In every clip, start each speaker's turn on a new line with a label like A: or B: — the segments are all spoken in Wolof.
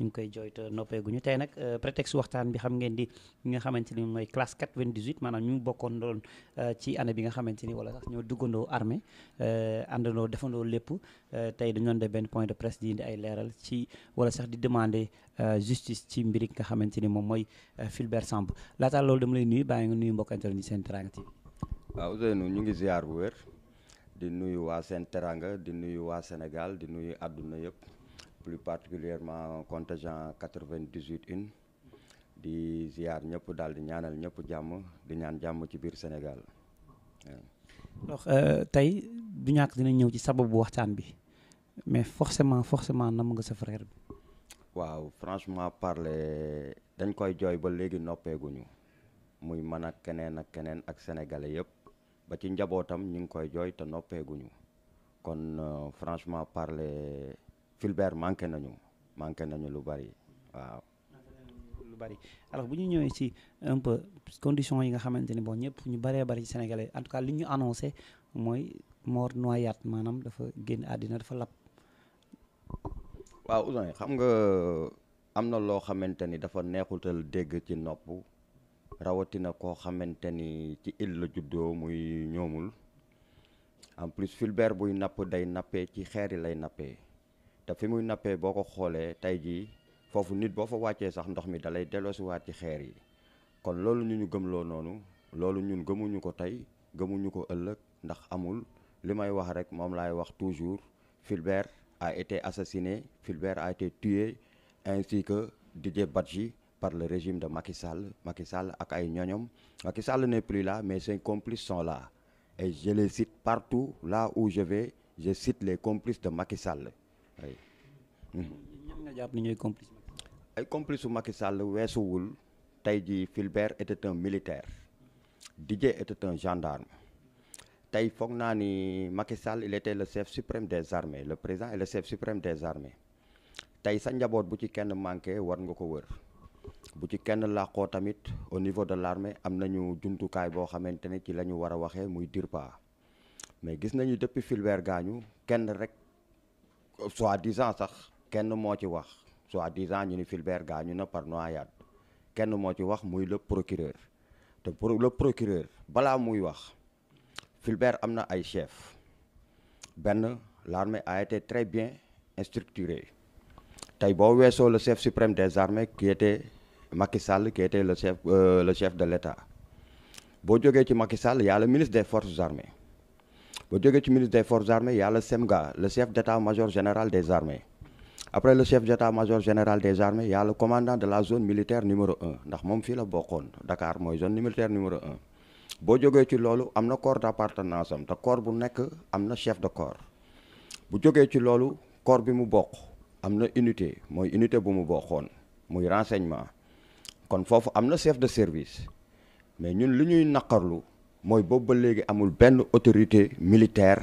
A: ñu ngi koy jooyte noppeeguñu tey nag euh, prétexte waxtaan bi xam ngeen di ñi nga xamante ni mooy classe 98 maanaam ñu bokkoon doon euh, ci année bi nga xamante ni wala sax ñoo duggandoo armée euh, àndandoo defandoo lépp tey dañu de benn point de presse di indi ay leeral ci wala sax di demander justice ci mbiri nga xamante ni moom mooy Fulbert Sambou laata loolu dama lay nuyu bàyyi nga nuyu mbokkanteel ñu Sen Teranga TV.
B: waaw Ousseynou ñu ngi ziar bu wér di nuyu waa Sen Teranga di nuyu waa Sénégal di nuyu àdduna yëpp. plus particulièrement contingent 98 une di ziar ñëpp daal di ñaanal ñëpp jàmm di ñaan jàmm ci biir Sénégal.
A: donc euh, tey du ñàkk dinañ ñëw ci sababu waxtaan bi mais forcément forcément nam nga sa frère bi.
B: waaw franchement parler dañ koy jooy ba léegi noppeeguñu muy man ak keneen ak keneen ak sénégalais yëpp ba ci njabootam ñu ngi koy jooy te noppeeguñu kon euh, franchement parler. Fulbert manqué nañu manqué nañu lu bari
A: waaw. lu bari alors bu ñu ñëwee si un peu conditions yi nga xamante ni bon ñëpp ñu baree bari ci sénégalais en tout cas li ñu annoncé mooy mort noyade maanaam dafa génn àddina dafa lab.
B: waaw Ouzin xam nga am na loo xamante ni dafa neexutal dégg ci nopp rawatina koo xamante ni ci île la juddoo muy ñoomul en plus Fulbert buy napp day nappee ci xeer yi lay nappee. te muy nappee boo ko xoolee tey jii foofu nit boo fa wàccee sax ndox mi dalay delloosiwaat ci xeer yi kon loolu ñu ñu gëmloo noonu loolu ñun gëmuñu ko tey gëmuñu ko ëllëg ndax amul li may wax rek moom laay wax toujours Fulbert a été assassiné Fulbert a été tué ainsi que Didier Badji par le régime de Macky Sall Macky Sall ak ay ñoñom Macky Sall n'est plus la mais ses complices sont la et je partout la où je vais cite les complices de Macky Sall ay jàpp ni ñooy complice ay complice su Macky Sall weesuwul tey jii Fulbert était un militaire Didier était un gendarme tey foog naa ni Macky Sall il était le chef suprême des armées le président et le chef suprême des armées tey sa njaboot bu ci kenn manqué war nga ko wër bu ci kenn làqoo tamit au niveau de l'armée am na ñu jumtukaay boo xamante ne ci la ñu war a waxee muy DIRPA mais gis nañu depuis Fulbert gaañu kenn rek soi-disant sax kenn moo ci wax soi-disant ñu ni Fulbert gaañu na par noyade kenn moo ci wax muy le procureur te pour le procureur balaa muy wax Fulbert am na ay chef benn l'armée a été très bien instructurée tey boo weesoo le chef suprême des armées qui était Macky Sall qui le chef euh, le chef de l'État boo jógee ci Macky Sall y a le ministre des forces armées ba jógee ci ministre des forces armées y a SEMGA le chef d'état-major général des armées après le chef d'état-major général des armées y a le commandant de la zone militaire numéro un ndax moom fii la bokkoon Dakar mooy zone militaire numéro un boo jógee ci loolu am na corps d'appartenance am te corps bu nekk am na chef de corps bu jógee ci loolu corps bi mu bokk am na unité mooy unité bu mu bokkoon muy renseignement kon foofu am na chef de service mais ñun li ñuy naqarlu mooy boobu ba léegi amul benn autorité militaire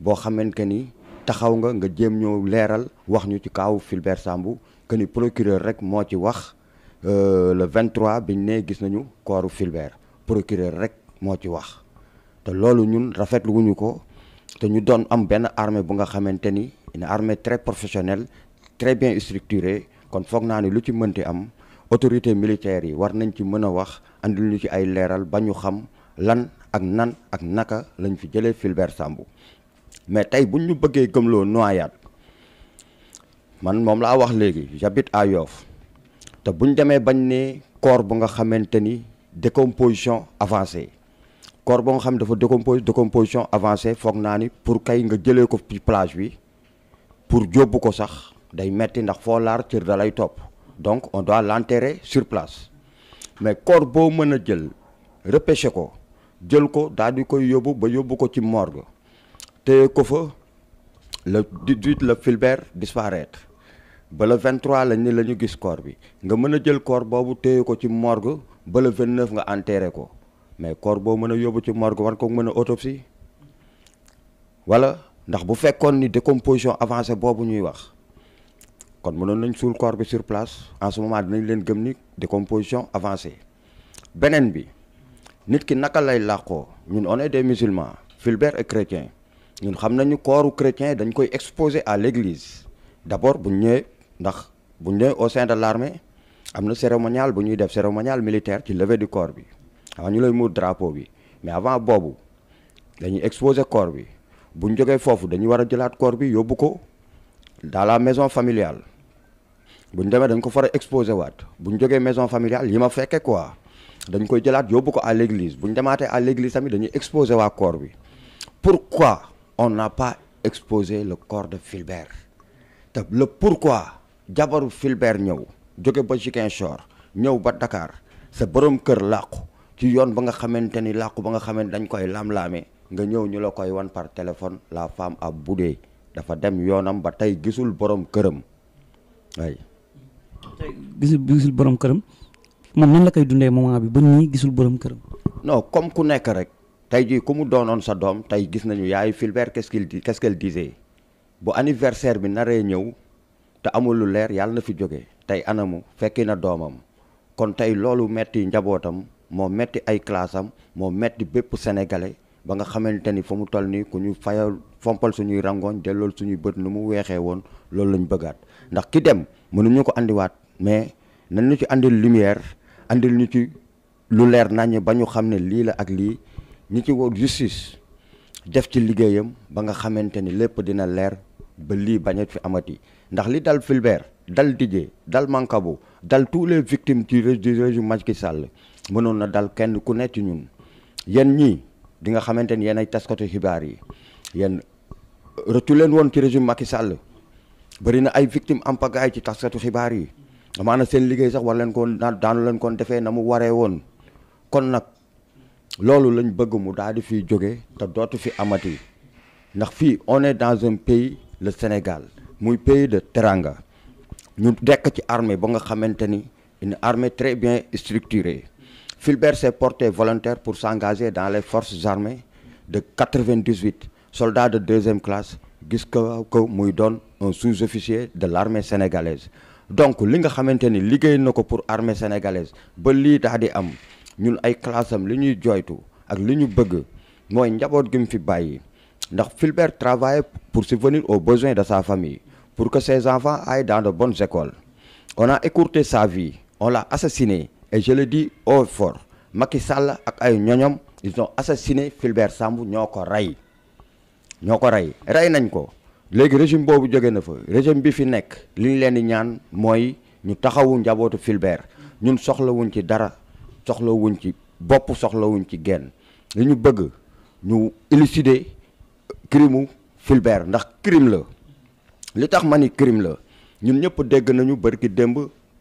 B: boo xamante ni taxaw nga nga jéem ñoo leeral wax ñu ci kaawu Fulbert Sambou que ni procureur rek moo ci wax euh, le 23 biñ nee gis nañu kooru Fulbert procureur rek moo ci wax te loolu ñun rafetlu wuñu ko te ñu doon am benn armée bu nga xamante ni une armée très professionnelle très bien structurée kon foog naa ni lu ci mën ti am autorité militaire yi war nañ ci mën a wax andil ñu ci ay leeral ba ñu xam lan ak nan ak naka lañ fi jëlee Fulbert Sambou mais tey buñ ñu bëggee gëmloo noyaat man moom laa wax léegi j'habite à Yoff te buñ demee bañ ne corps bu nga xamante ni décomposition avancé corps bu nga xam dafa décompose décomposition avancé foog naa ni pour kay nga jëlee ko ci plage bi pour jóbbu ko sax day metti ndax foo laar cër da lay topp donc on doit l'enterrer sur place mais corps boo mën a jël repêché ko jël ko daal di koy yóbbu ba yóbbu ko ci morgue téye ko fa le 18 la Fulbert disparaître ba le 23 lañ ne la ñu gis corps bi nga mën a jël corps boobu téye ko ci morgue ba le 29 nga enterré ko mais corps boo mën a yóbbu ci morgue war ko mën a autopsie wala ndax bu fekkoon ni décomposition avancée boobu ñuy wax kon mënoon nañ suul corps bi sur place en ce dinañ leen gëm ni décomposition avancé beneen bi. nit ki naka lay ko ñun on est des musulmans Fulbert est chrétien ñun xam nañu kooru chrétien dañ koy exposé à l'église d'abord bu ñu ñëwee ndax bu ñu ñëwee au sein de l'armée am na cérémonial bu ñuy def cérémonial militaire ci levée du corps bi avant ñu lay muur drapeau bi mais avant boobu dañuy exposé corps bi bu ñu jógee foofu dañuy war a jëlaat corps bi yóbbu ko dans la maison familiale bu ñu demee dañ ko far a exposé waat bu ñu jógee maison familiale yi ma fekkee quoi. dañ koy jëlaat yóbbu ko à l'église bu ñu demaatee à l'église tamit dañuy exposé waa corps bi pourquoi on n'a pas exposé le corps de Fulbert te le pourquoi jabaru Fulbert ñëw jóge ba Ziguinchor ñëw ba Dakar sa borom kër làqu ci yoon ba nga xamante ni làqu ba nga xamante dañ koy lam-laamee nga ñëw ñu la koy wan par téléphone la femme a boudé dafa dem yoonam ba tey gisul borom këram ay
A: gisul borom këram moom nan la koy dundee moment bi ba nii gisul borom këram.
B: non comme ku nekk rek tey jii ku mu doonoon sa doom tey gis nañu yaayu Fulbert qu'est-ce qu'il dit qu'est-ce qu'elle disait bu anniversaire bi naree ñëw te amul lu leer yàlla na fi jógee tey anamu fekki na doomam kon tey loolu metti njabootam moo metti ay classe am moo metti bépp sénégalais ba nga xamante ni fa mu toll nii ku ñu fayal fompal suñuy rangoñ dellool suñuy bët nu mu weexee woon loolu lañ bëggaat ndax ki dem mënuñu ko andiwaat mais nañu ci andi lumière andil lu leer naññ ba ñu xam ne lii la ak lii ñi ci woo justice def ci liggéeyam ba nga xamante ni lépp dina leer ba lii bañet fi amati ndax li dal Fulbert dal Didier dal Mankabo dal tous les victimes du régime Macky sàll mënoon na dal kenn ku nekk ñun yéen ñii di nga xamante ni yéen ay taskatu xibaar yi yéen rëccu leen woon ci régime Macky Sall bëri na ay victimes en pagaille ci taskatu xibaar yi amaana seen liggéey sax war leen ko daanu leen kon defee mu waree woon kon nag loolu lañ bëgg mu daal di fi jóge te dootu fi amati ndax fii on est dans un pays le Sénégal muy pays de teranga ñu dekk ci armée ba nga xamante ni une armée très bien structurée Fulbert s'est porté volontaire pour s'engager dans les forces armées de 98 soldats de deuxième classe gis ko ko muy doon un sous-officier de l'armée sénégalaise donc li nga xamante ni liggéey na ko pour armée sénégalaise ba lii tax di am ñun ay classe am li ñuy jooytu ak li ñu bëgg mooy njaboot gi mu fi bàyyi ndax Fulbert travaille pour subvenir aux besoins de sa famille pour que ses enfants ay dans de bonnes écoles on a écourté sa vie on l'a assassiné et je le dis haut fort Macky Sall ak ay ñoñom ils ont assassiné Fulbert Sambou ñoo ko rey ñoo ko rey rey nañ ko léegi régime boobu jóge na fa régime bi fi nekk li ñu leen di ñaan mooy ñu taxawu njabootu Fulbert ñun soxlawuñ ci dara soxlawuñ ci bopp soxla wuñ ci genn li ñu bëgg ñu élucider crimu Fulbert ndax crime la li tax ma ni crime la ñun ñëpp dégg nañu bërki démb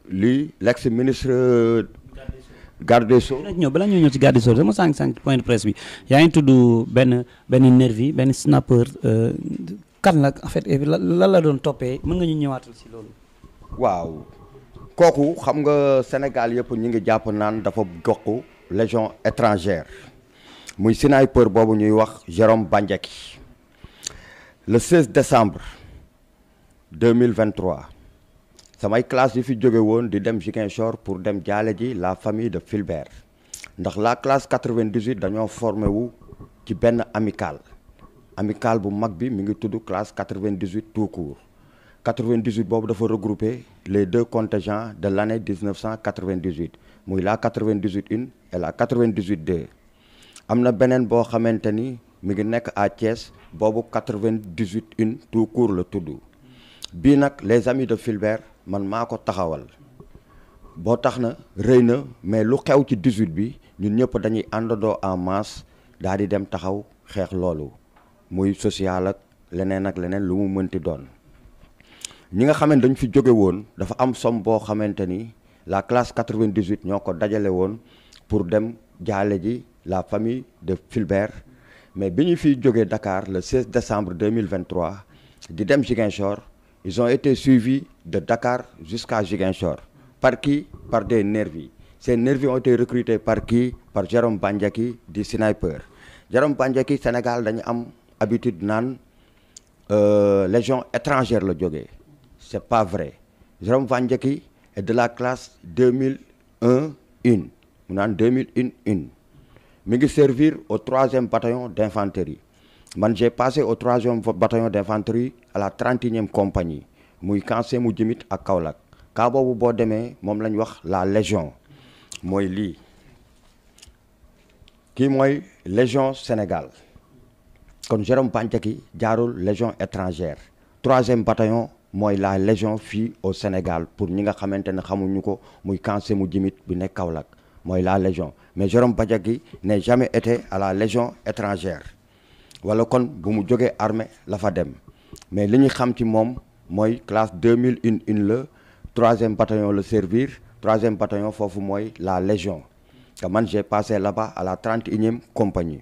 B: li l'ex ministre garde des Sceaux
A: ñëw balaa ñuy ñëw ci garde des Sceaux dama point de presse bi yaa ngi tudd benn benn nervi benn snapper euh, kan la en fait lan la doon toppee mën nga ñu ñëwaatal si loolu. waaw
B: kooku xam nga Sénégal yëpp ñu ngi jàpp naan dafa jokk légion étrangère muy sniper boobu ñuy wax Jérôme Bandiaky le 16 décembre 2023 samay classe yi fi jóge woon di dem Ziguinchor pour dem jaale ji la famille de Fulbert ndax la classe 98 dañoo formé wu ci benn amical amicale bu mag bi mi ngi tudd classe 98 tout court 98 boobu dafa regrouper les deux contingents de l'année 1998 muy la 98 1 et la 98 2 am na beneen boo xamante ni mi ngi nekk à Thiès boobu 98 1 tout court la tudd bii nag les amis de Fulbert man maa ko taxawal boo tax na rëy na mais lu xew ci 18 bi ñun ñëpp dañuy àndandoo en masse daal di dem taxaw xeex loolu muy social ak leneen ak leneen lu mu mënti doon ñi nga xamante dañ fi jóge woon dafa am somme boo xamante ni la classe 98 ñoo ko dajale woon pour dem jaale ji la famille de Fulbert mais bi ñu fiy jógee dakaar le 16 décembre 2023 di dem Ziguinchor ils ont été suivis de dakaar jusqu'à Ziguinchor par qui par de nervis ces nervis ont été recrutés par qui par Jérôme Bandiaki di sniper Jérôme Bandiaki Sénégal dañu am habitude naan euh, légion étrangère la jógee c'est pas vrai Jérôme Vandiaki est de la classe 2001 1 mu naan 2001 1 mi ngi servir au troisième bataillon d'infanterie man j'ai passé au troisième bataillon d'infanterie à la trente et unième compagnie muy camp Sémou Djimit ak Kaolack kaa boo demee moom la ñu wax la légion mooy lii kii mooy légion Sénégal kon Jérôme Bandiaky jaarul légion étrangère troisième bataillon mooy la légion fii au Sénégal pour ñi nga xamante ne xamuñu ko muy camp mu Djimit bu nekk Kaolack mooy la légion mais Jérôme Bandiaky ne jamais été à la légion étrangère wala kon bu mu jógee armée la fa dem mais li ñu xam ci moom mooy classe mille une une le troisième bataillon la servir troisième bataillon foofu mooy la légion te man j'ai passé là ba à la trente e compagnie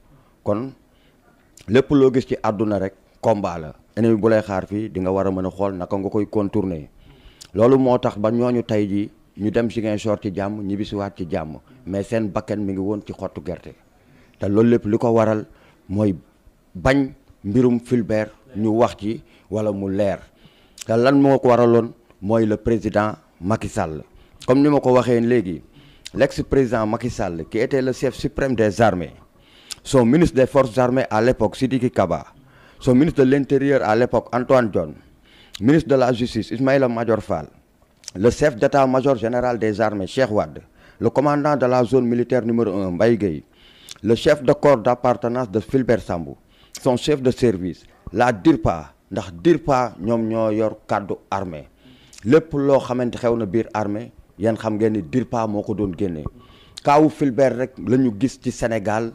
B: kon lépp loo gis ci àdduna rek combat la ennemi bu lay xaar fii di nga war a mën a xool naka nga koy contourner loolu moo tax ba ñooñu tey ji ñu dem Ziguinchor ci jàmm ñibbisiwaat ci jàmm mais seen bakkan mi ngi woon ci xottu gerte te loolu lépp li ko waral mooy bañ mbirum Fulbert ñu wax ci wala mu leer te lan moo ko waraloon mooy le président Macky Sall comme ni ma ko waxee léegi l'ex président Macky Sall qui était le chef suprême des armées son ministre des forces armées à l'époque Sidiki Kaba son ministre de l'intérieur à l'époque Antoine Diome ministre de la justice Ismaïla Madior Fall le chef d'état-major général des armées Cheikh Wade le commandant de la zone militaire numéro 1 Mbaye Guèye le chef de corps d'appartenance de Fulbert Sambou son chef de service la DIRPA ndax DIRPA ñoom ñoo yor kàddu armée lépp loo xamante xew na biir armée yéen xam ngeen ni DIRPA moo ko doon génne kaawu Fulbert rek la ñu gis ci Sénégal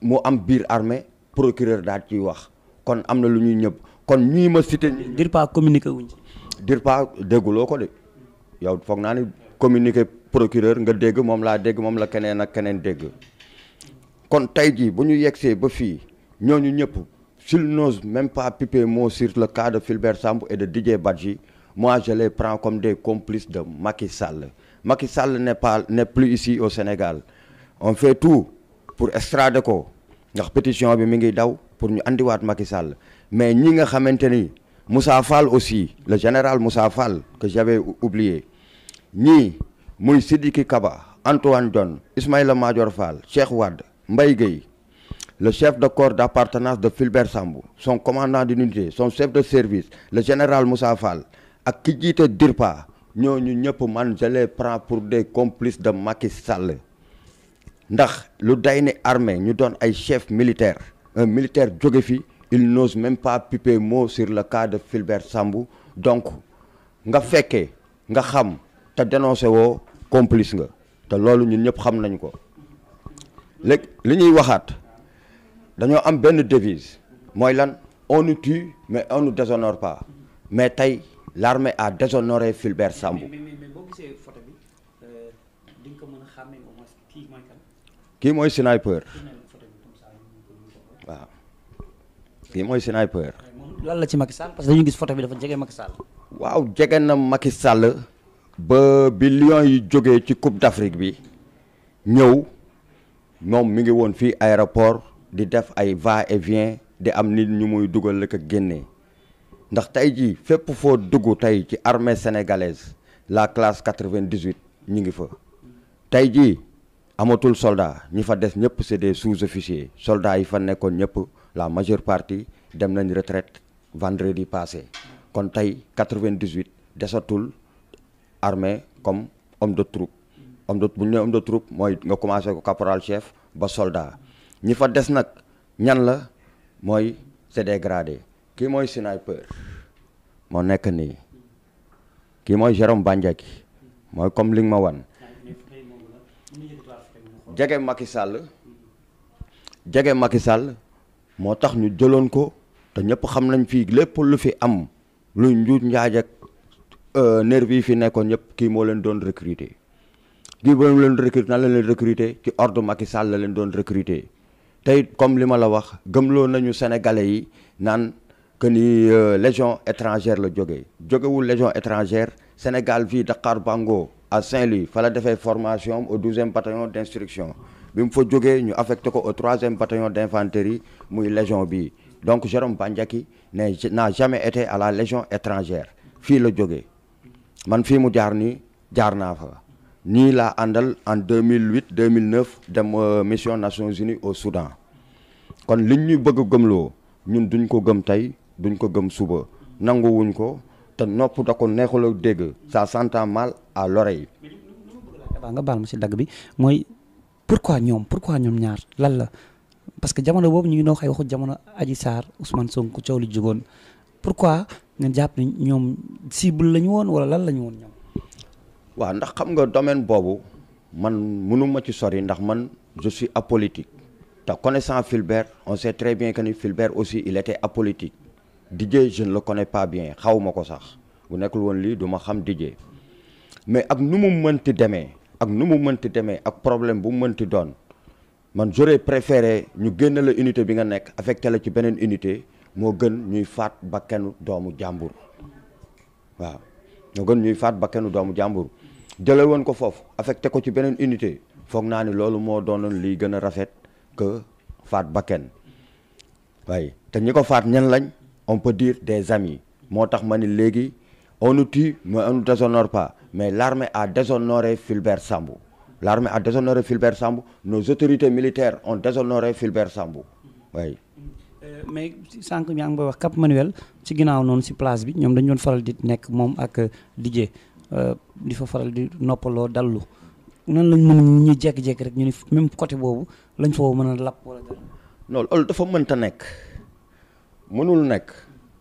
B: mu am biir armée procureur daal ciy wax kon am na lu ñuy ñëpp kon ñii ma cité. dire pas communiqué wuñ ci. dire pas dégguloo ko de yow foog naa ni communiqué procureur nga dégg moom laa dégg moom la keneen ak keneen dégg kon tey jii bu ñu yegsee ba fii ñooñu ñëpp s'il n'ose même pas piper mot sur le cas de Fulbert Sambou et de Didier Badji ji je les prends comme des complices de Macky Sall Macky Sall n'est pas ici au Sénégal on fait tout pour extrader ko ndax pétition bi mi ngi daw pour ñu andiwaat Macky Sall mais ñi nga xamante ni Moussa Fall aussi le général Moussa Fall que j'avais oublier ñii muy Sidiki Kaba Antoine Diome Ismaïla Madior Fall Cheikh Wade Mbaye Guèye le chef de corps d'appartenance de Fulbert sambu son commandant d'unité son chef de service le général Moussa Fall ak ki jiite DIRPA ñooñu ñëpp man je les pour des complices de Macky Sall ndax lu day ni armée ñu doon ay chef militaire militaire jóge fi il n'ose même pas piper mot sur le cas de Fulbert sambu donc nga fekkee nga xam te dénoncé woo complice nga te loolu ñun ñëpp xam nañ ko léegi li ñuy waxaat dañoo am benn devise mooy lan on nous mais on nous déshonore pas mais tey l'armée a déshonoré Fulbert Sambou. mais kii mooy sniper waaw kii mooy sniper.
A: lan la ci Macky Sall parce que dañu gis photo bi dafa jege Macky Sall.
B: waaw jege na Macky Sall ba billion yi jógee ci Coupe d'Afrique bi ñëw moom mu ngi woon fii aéroport di def ay va et vient di am nit ñu muy dugal la ko génnee ndax tey jii fépp foo dugg tey ci armée sénégalaise la classe quatre-vingt-dix-huit ñu ngi fa tey jii. amatul soldat ñi fa des ñëpp c'est des sous-officiers soldats yi fa nekkoon ñëpp la majeure partie dem nañ retraite vendredi passé kon tey 98 desatul armée comme homme de troupe homme de bu ñu nee de troupe mooy nga commencé ko caporal chef ba soldat ñi fa des nag ñan la mooy c'est des gradés kii mooy sniper moo nekk nii kii mooy Jérôme ki mooy comme li nga ma wan jege Macky Sall jege Macky Sall moo tax ñu jëloon ko te ñëpp xam nañ fii lépp lu fi am lu njuut njaaj ak euh, nervi yi fi nekkoon ñëpp kii moo leen doon recruter kii moo leen recruter nan la leen recruter ci ordre Macky Sall la leen doon recruter tey comme li ma la wax gëmloo nañu sénégalais yi naan que ni euh, légion étrangère la jógee jógewul légion étrangère Sénégal fii Dakar Bango. à Saint-Louis fa la defee formation au douzième bataillon d' instruction bi mu fa jógee ñu affecté ko au troisième bataillon d' muy légion bi donc Jérôme Bandiaky ne n'a jamais été à la légion étrangère fii la jógee man fii mu jaar ni jaar naa fa nii la àndal en mille 2008 2009 dem euh, mission Nations uni au Soudan kon liñ ñuy bëgg gëmloo ñun duñ ko gëm tey duñ ko gëm suba nanguwuñ ko te noppu da ko neexul a dégg ça s'entend mal à
A: l'oreille. waaw nga baal ma si dagg bi mooy pourquoi ñoom pourquoi ñoom ñaar lan la parce que jamono boobu ñu ngi doon xay waxu jamono Adji Sarr Ousmane Sonko coow li jugoon pourquoi nga jàpp ni ñoom cible la ñu woon wala lan la ñu woon ñoom.
B: waa ndax xam nga domaine boobu man mënuma ci sori ndax man je suis apolitique te connaissant Fulbert on sait très bien que ni Fulbert aussi il était apolitique. DJ je ne le connais pas bien xaw ma ko sax bu nekkul woon lii duma ma xam DJ mais ak nu mu mënti demee ak nu mu mënti demee ak problème bu mu mënti doon man j'aurais préféré ñu génne la unité bi nga nekk affecté la ci beneen unité moo gën ñuy faat bakkanu doomu jàmbur waaw moo gën ñuy faat bakkanu doomu jàmbur jële woon ko foofu affecté ko ci beneen unité foog naa ni loolu moo doon lii gën a rafet que faat bakken waaye te ko faat ñan lañ on peut dire des amis moo tax ma ni léegi on nous tue mais on ne déshonore pas mais l'armée a déshonoré Fulbert Sambou l'armée a déshonoré Fulbert Sambou nos autorités militaires ont déshonoré Fulbert Sambou euh,
A: mais sànq yaa ngi koy wax Cap Manuel ci ginnaaw noonu si place bi ñoom dañu doon faral di nekk moom ak euh, Didier euh, di fa faral di noppaloo dallu noonu lañ mën ñu jékki rek ñu ni même côté boobu lañ foo mën a lapp wala.
B: non loolu dafa mënta nekk. mënul nekk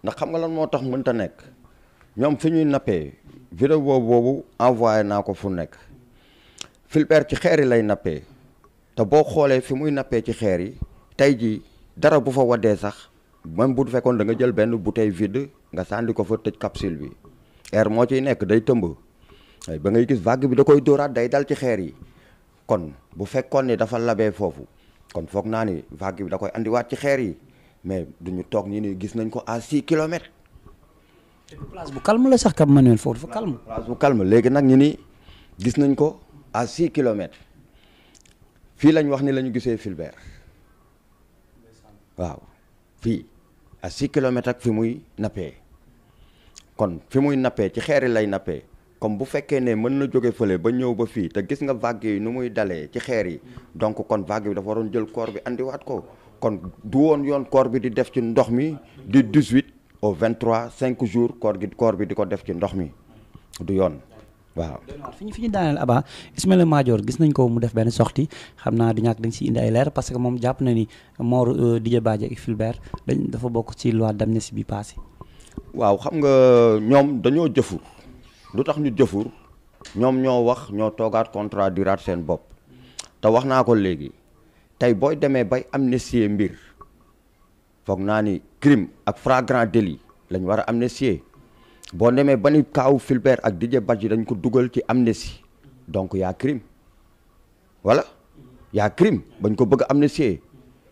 B: ndax xam nga lan moo tax mënta nekk ñoom fi ñuy nappee vidéo boobu envoyé naa ko fu nekk Fulbert ci xeer yi lay nappee te boo xoolee fi muy nappee ci xeer yi tey ji dara bu fa waddee sax même bu fekkoon da nga jël benn bouteille vide nga sàndi ko fa tëj capsule bi air moo ciy nekk day tëmb ba ngay gis vague bi da koy dóoraat day dal ci xeer yi kon bu fekkoon ni dafa labee foofu kon foog naa ni vague bi da koy andiwaat ci xeer yi mais du ñu toog ñu ni gis nañ ko à six kilomètres.
A: place bu calme la sax Cap Manuel foofu
B: dafa calme. léegi nag ñu ni gis nañ ko à six kilomètres fii lañu wax ni la ñu gisee Fulbert waaw fii à six kilomètres ak fi muy nappee kon fi muy nappee ci xeeri lay nappee comme bu fekkee ne mën na jóge fële ba ñëw ba fii te gis nga vague yi nu muy dalee ci xeer yi donc kon vague bi dafa waroon jël corps bi andiwaat ko. kon du woon yoon koor bi di def ci ndox mi du 18 au 23 5 jours koor gi koor bi di ko def ci ndox mi du yoon waaw.
A: fi ñu fi ñu daaneel Aba Ismaïla Madior gis nañ ko mu def benn sortie xam naa di ñàkk dañ si indi ay leer parce que moom jàpp na ni Mor euh, Didier Badji ak dañ dafa bokk ci loi d'amnistie bi paase
B: waaw xam nga ñoom dañoo jëfur lu tax ñu jëfur ñoom ñoo wax ñoo toogaat contrat diraat seen bopp te wax naa ko léegi. tey booy demee bay amnistier mbir foog naa ni crime ak flagrant délit lañ war a amnistier boo demee ba ni kaaw Fulbert ak Didier Badji dañ ko dugal ci amnistie donc yaa crime voilà yaa a crime bañ ko bëgg a amnistier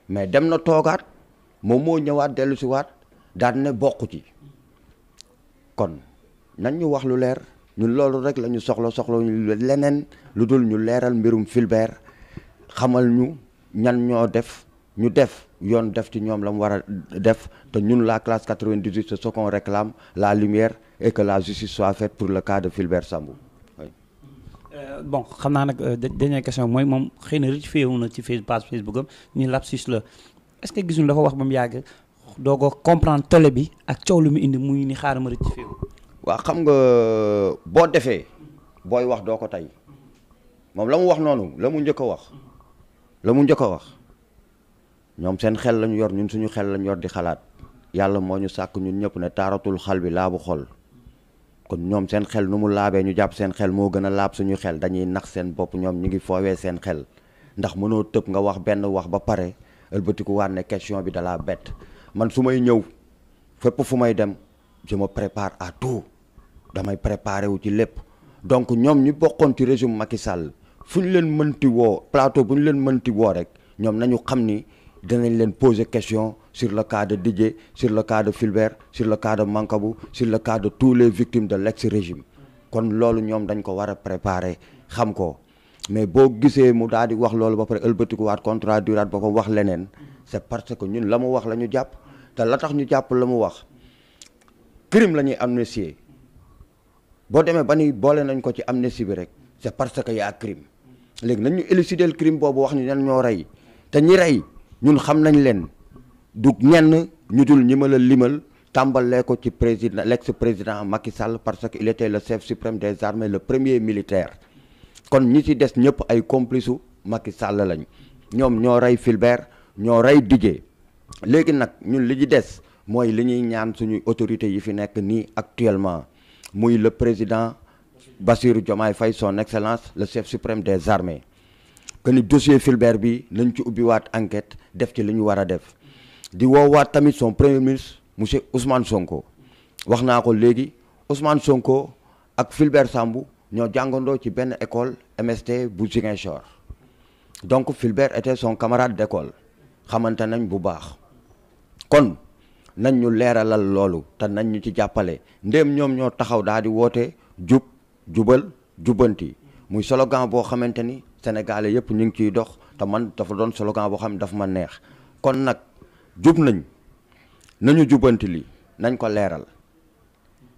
B: mais dem na toogaat moom moo ñëwaat dellu si waat daal ne bokku ci kon nañ ñu wax lu leer ñun loolu rek lañu ñu soxla soxla leneen lu dul ñu leeral mbirum Fulbert xamal ñu ñan ñoo def ñu def yoon def ci ñoom la mu war a def te ñun la classe 98 c'est ce qu'on réclame la lumière et que la justice soit faite pour le cas de Fulbert Sambou
A: Euh, bon xam naa nag euh, dernière question mooy moom xëy na rectifié wu na ci face page Facebook am ni lapsus la est-ce que gisuñu dafa wax ba mu yàgg doo ko comprendre télé bi ak coow lu mu indi muy ni xaaral ma rectifié wu.
B: waaw xam nga boo defee booy wax doo ko tey moom la mu wax noonu la mu njëkk wax ñoom seen xel lañu yor ñun suñu xel lañu yor di xalaat yàlla moo ñu sàkk ñun ñëpp ne taaratul xal bi laabu xol kon ñoom seen xel nu mu laabee ñu jàpp seen xel moo gën a laab suñu xel dañuy nax seen bopp ñoom ñu ngi foowee seen xel ndax mënoo tëb nga wax benn wax ba pare ëlbatiku waat ne question bi dalaa bett man su may ñëw fépp fu may dem je me prépare à tout damay préparé wu ci lépp donc ñoom ñu bokkoon ci régime Macky Sall fu ñu leen mënti woo plateau bu ñu leen mënti woo rek ñoom nañu xam ni danañ leen poser question sur le cas de Didier sur le cas de Fulbert sur le cas de Mancabou sur le cas de tous les victimes de l'ex-régime kon loolu ñoom dañ ko war a préparer xam ko mais boo gisee mu daal di wax loolu ba pare ëlbatikuwaat contradiraat ba ko wax leneen c'est parce que ñun la mu wax la ñu jàpp te la tax ñu jàpp la mu wax crime la ñuy amnistier boo demee ba ni boole nañ ko ci amnistie bi rek c'est parce que y a léegi nañ ñu élucider le crime boobu wax ñu ñan ñoo rey te ñi rey ñun xam nañ leen du ñenn ñu dul ñi ma la limal tàmbalee ko ci président l'ex président Macky Sall parce que il était le chef suprême des armées le premier militaire kon ñi ci des ñëpp ay complice u Macky sàll lañ ñoom ñoo rey Fulbert ñoo rey Didier léegi nag ñun li ci des mooy li ñuy ñaan suñuy autorités yi fi nekk nii actuellement muy le président Bassirou Diomaye Faye son excellence le chef suprême des armées que ni dossier Fulbert bi nañ ci ubbiwaat enquête def ci li ñu war a def di woowaat tamit son premier ministre monsieur Ousmane Sonko wax naa ko léegi Ousmane Sonko ak Fulbert Sambou ñoo jàngandoo ci benn école MST bu Ziguinchor donc Fulbert était son camarade d'école xamante nañ bu baax kon nañ ñu leeralal loolu te nañ ñu ci jàppale ndéem ñoom ñoo taxaw daal woote jub jubal jubbanti muy slogan boo xamante ni sénégalais yëpp ñu ngi ciy dox te man dafa doon slogan boo xam ne dafa ma neex kon nag jub nañ nañu jubbanti li nañ ko leeral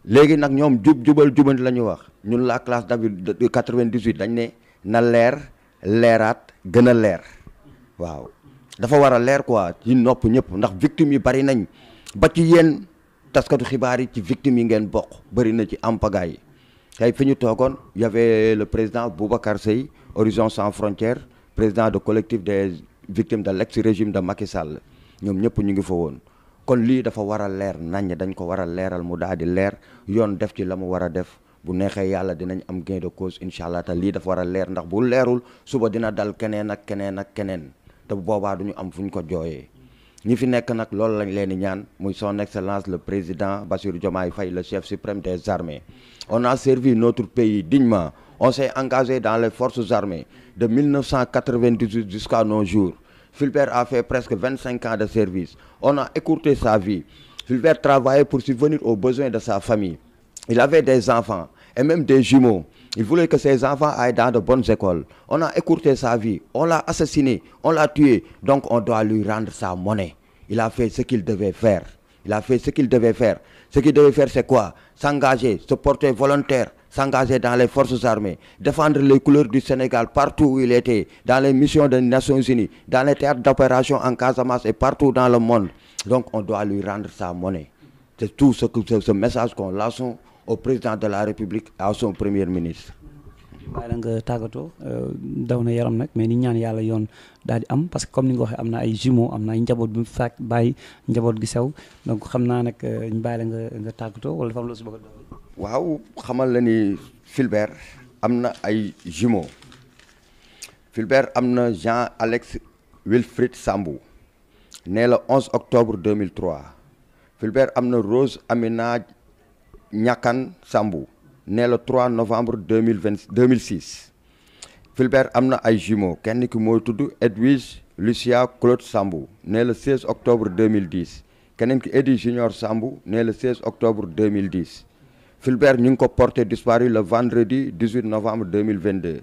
B: léegi nag ñoom jub jubal jubanti la wax ñun la classe d'habitude 98 dañ ne na leer leeraat gën a leer waaw dafa war a leer quoi ci nopp ñëpp ndax victimes yi bari nañ ba ci yéen taskatu xibaar yi ci victimes yi ngeen bokk bari na ci ampaga yi tey fi ñu toogoon y le président Boubacar Sèye Horizon Sans Frontières président de collectif des victimes de l'ex-régime de Macky Sall ñoom ñëpp ñu ngi fa woon kon lii dafa war a leer naññ dañ ko war a leeral mu daal di leer yoon def ci la mu war a def bu neexee yàlla dinañ am gain de cause incha allah te lii dafa war a leer ndax bu leerul suba dina dal keneen ak keneen ak keneen te bu boobaa duñu am fu ñu ko jooyee ñi fi nekk nag loolu lañ leen di ñaan muy son excellence le président Bassirou Diomaye Faye le chef suprême des armées on a servi notre pays dignement on s'est engagé dans les forces armées de 1998 jusqu'à nos jours Fulbert a fait presque 25 ans de service on a écourté sa vie Fulbert travaillait pour subvenir aux besoins de sa famille il avait des enfants et même des jumeaux Il voulait que ses enfants aillent dans de bonnes écoles. On a écourté sa vie, on l'a assassiné, on l'a tué. Donc on doit lui rendre sa monnaie. Il a fait ce qu'il devait faire. Il a fait ce qu'il devait faire. Ce qu'il devait faire, c'est quoi S'engager, se porter volontaire, s'engager dans les forces armées, défendre les couleurs du Sénégal partout où il était, dans les missions des Nations Unies, dans les théâtres d'opération en Casamance et partout dans le monde. Donc on au président de la république à son premier ministre.
A: waaye la nga tàggatoo euh, daw na yaram nag mais ni ñaan yàlla yoon daal di am parce que comme ni nga waxee am na ay jumeaux am na ay njaboot bi mu njaboot gi sew donc xam naa nag euh, ñu nga nga tàggatoo wala dafa am loo
B: waaw xamal la ni Fulbert am na ay jumeaux Fulbert am na Jean Alex Wilfrid Sambou né le 11 octobre 2003 Fulbert am na Rose Amina. Niakane Sambou né le 3 novembre 2020 2006 Fulbert am na ay jumeaux kenn ki mooy tudd Edwige Lucia Claude Sambou né le 16 octobre 2010 keneen ki Eddy Junior Sambou né le 16 octobre 2010 Fulbert ñu ngi ko porté disparu le vendredi 18 novembre 2022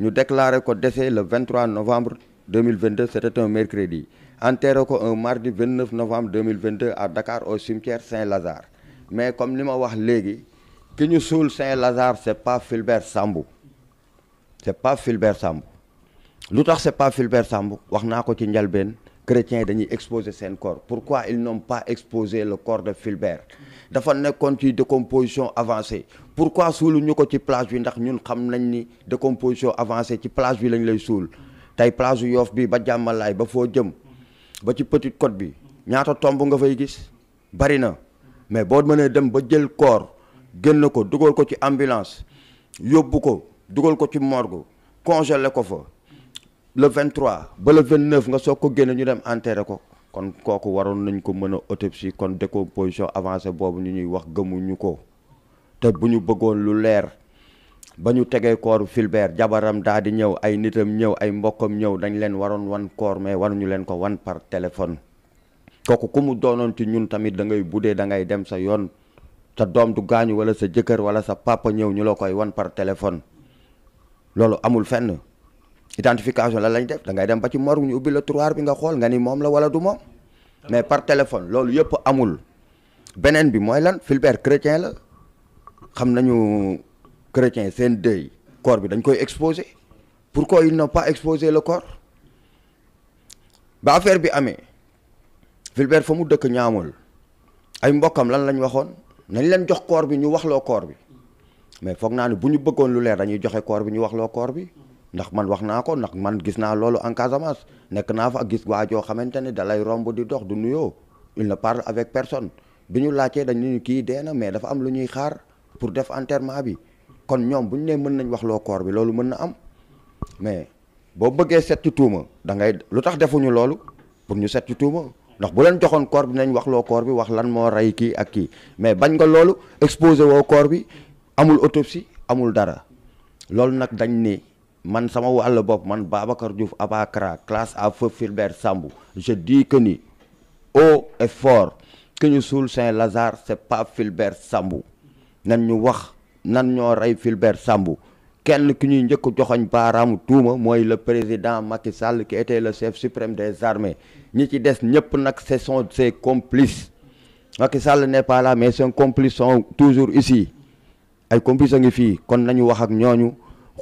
B: ñu déclaré ko décès le 23 novembre 2022 c'était un mercredi enterré ko un mardi 29 novembre 2022 à Dakar au cimetière Saint-Lazare mais comme ni ma wax léegi ki ñu suul Saint-Lazare c'est pas Fulbert Sambou c'est pas Fulbert Sambou lu tax c'est pas Fulbert Sambou wax naa ko ci njalbeen chrétiens yi dañuy exposer seen corps pourquoi ils n'ont pas exposé le corps de Fulbert dafa nekkoon ci décomposition avancée pourquoi suulu ñu ko ci plage bi ndax ñun xam nañ ni décomposition avancé ci plage bi lañ lay suul tey plage yu Yoff bi ba jàmmalaay ba foo jëm ba ci Petite Côte bi ñaata tomb nga fay gis bari na mais boo mënee dem ba jël corps génn ko dugal ko ci ambulance yóbbu ko dugal ko ci morgo congelé ko fa le 23 ba le 29 nga soog ko génne ñu dem enterré ko kon kooku waroon nañ ko mën a autopsie kon décomposition avancée boobu ñu ñuy wax gëmuñu ko te bu ñu bëggoon lu leer ba ñu tegee kooru Fulbert jabaram daa di ñëw ay nitam ñëw ay mbokkam ñëw dañ leen waroon wan koor mais waruñu leen ko wan par téléphone kooku ku mu doonoon ci ñun tamit da ngay buddee dangay dem sa yoon sa doom du gaañu wala sa jëkkër wala sa papa ñëw ñu la koy wan par téléphone loolu amul fenn identification la lañ def da ngay dem ba ci morgue ñu ubbi la tiroir bi nga xool nga ni moom la wala du moom mais par téléphone loolu yëpp amul beneen bi mooy lan Fulbert chrétien la xam nañu chrétien seen deuil koor bi dañ koy exposé pour ils n'ont pas exposé la corps ba affaire bi amee Fulbert fa mu dëkk ñaamul ay mbokkam lan lañ waxoon nañ leen jox koor bi ñu waxloo koor bi mais foog naa ne bu ñu bëggoon lu leer dañuy joxe koor bi ñu waxloo koor bi ndax man wax naa ko ndax man gis naa loolu en Casamance nekk naa fa ak gis waa joo xamante ne dalay romb di dox du nuyoo il ne parle avec personne bi ñu laajtee dañu ne kii dee na mais dafa am lu ñuy xaar pour def enterrement bi kon ñoom bu ñu nee mën nañ wax loo koor bi loolu mën na am mais boo bëggee set ci tuuma da lu tax defuñu loolu pour ñu set ci tuuma. ndox bu leen joxoon corps bi nañ wax loo corps bi wax lan moo rey kii ak kii mais bañ nga loolu exposé woo koor bi amul autopsie amul dara loolu nag dañ ni man sama wàll bopp man Babacar Diouf Abakara classe à feu Fulbert sambu je dis que ni haut que ñu suul Saint-Lazare c'est pas Fulbert Sambou nan ñu wax nan ñoo rey Fulbert Sambou kenn ki ñuy njëkk joxoñ baaraamu tuuma mooy le président Macky Sall qui était le chef suprême des armées ñi ci des ñëpp nag ce sont ses complices Macky Sall n'est pas là mais ses complices sont toujours ici ay complices a ngi fii kon nañu wax ak ñooñu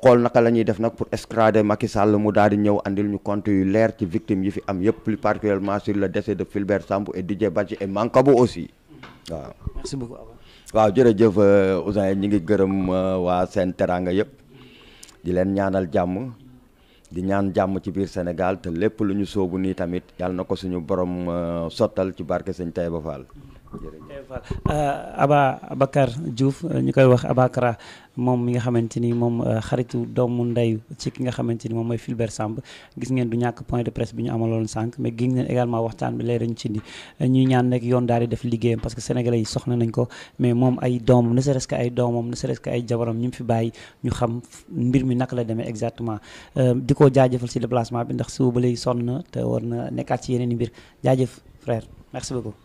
B: xool naka la ñuy def nag pour extrader Macky Sall mu daal di ñëw andil ñu compte yu leer ci victime yi fi am yëpp plus particulièrement sur le décès de Fulbert Sambou et Didier Badji et Mankabo aussi waaw. merci beaucoup waaw jërëjëf euh, Ousseyn ñi ngi gërëm euh, waa seen teraanga yëpp. di leen ñaanal jàmm di ñaan jàmm ci biir Sénégal te lépp lu ñu soobu nii tamit yàlla na ko suñu borom euh, sottal ci barke sëñ Taïba Fall.
A: jërëjëf euh, Aba Diouf euh, ñu koy wax Abakara moom mi nga xamante ni moom euh, xaritu doomu ndeyu ci ki nga xamante ni moom mooy Fulbert Samb gis ngeen du ñàkk point de presse bi ñu amaloon sànq mais gis ngeen également waxtaan bi lay euh, rañ yoon daal di def liggéeyam parce que sénégalais yi soxla nañ ko mais moom ay doomam ne serait ay doomam ne serait-ce que ay jabaram ñu mu fi bàyyi ñu xam mbir mi naka la demee exactement euh, di ko jaajëfal si déplacement bi ndax suba ba léegi sonn na te war na nekkaat ci yeneen i mbir jaajëf frère merci ko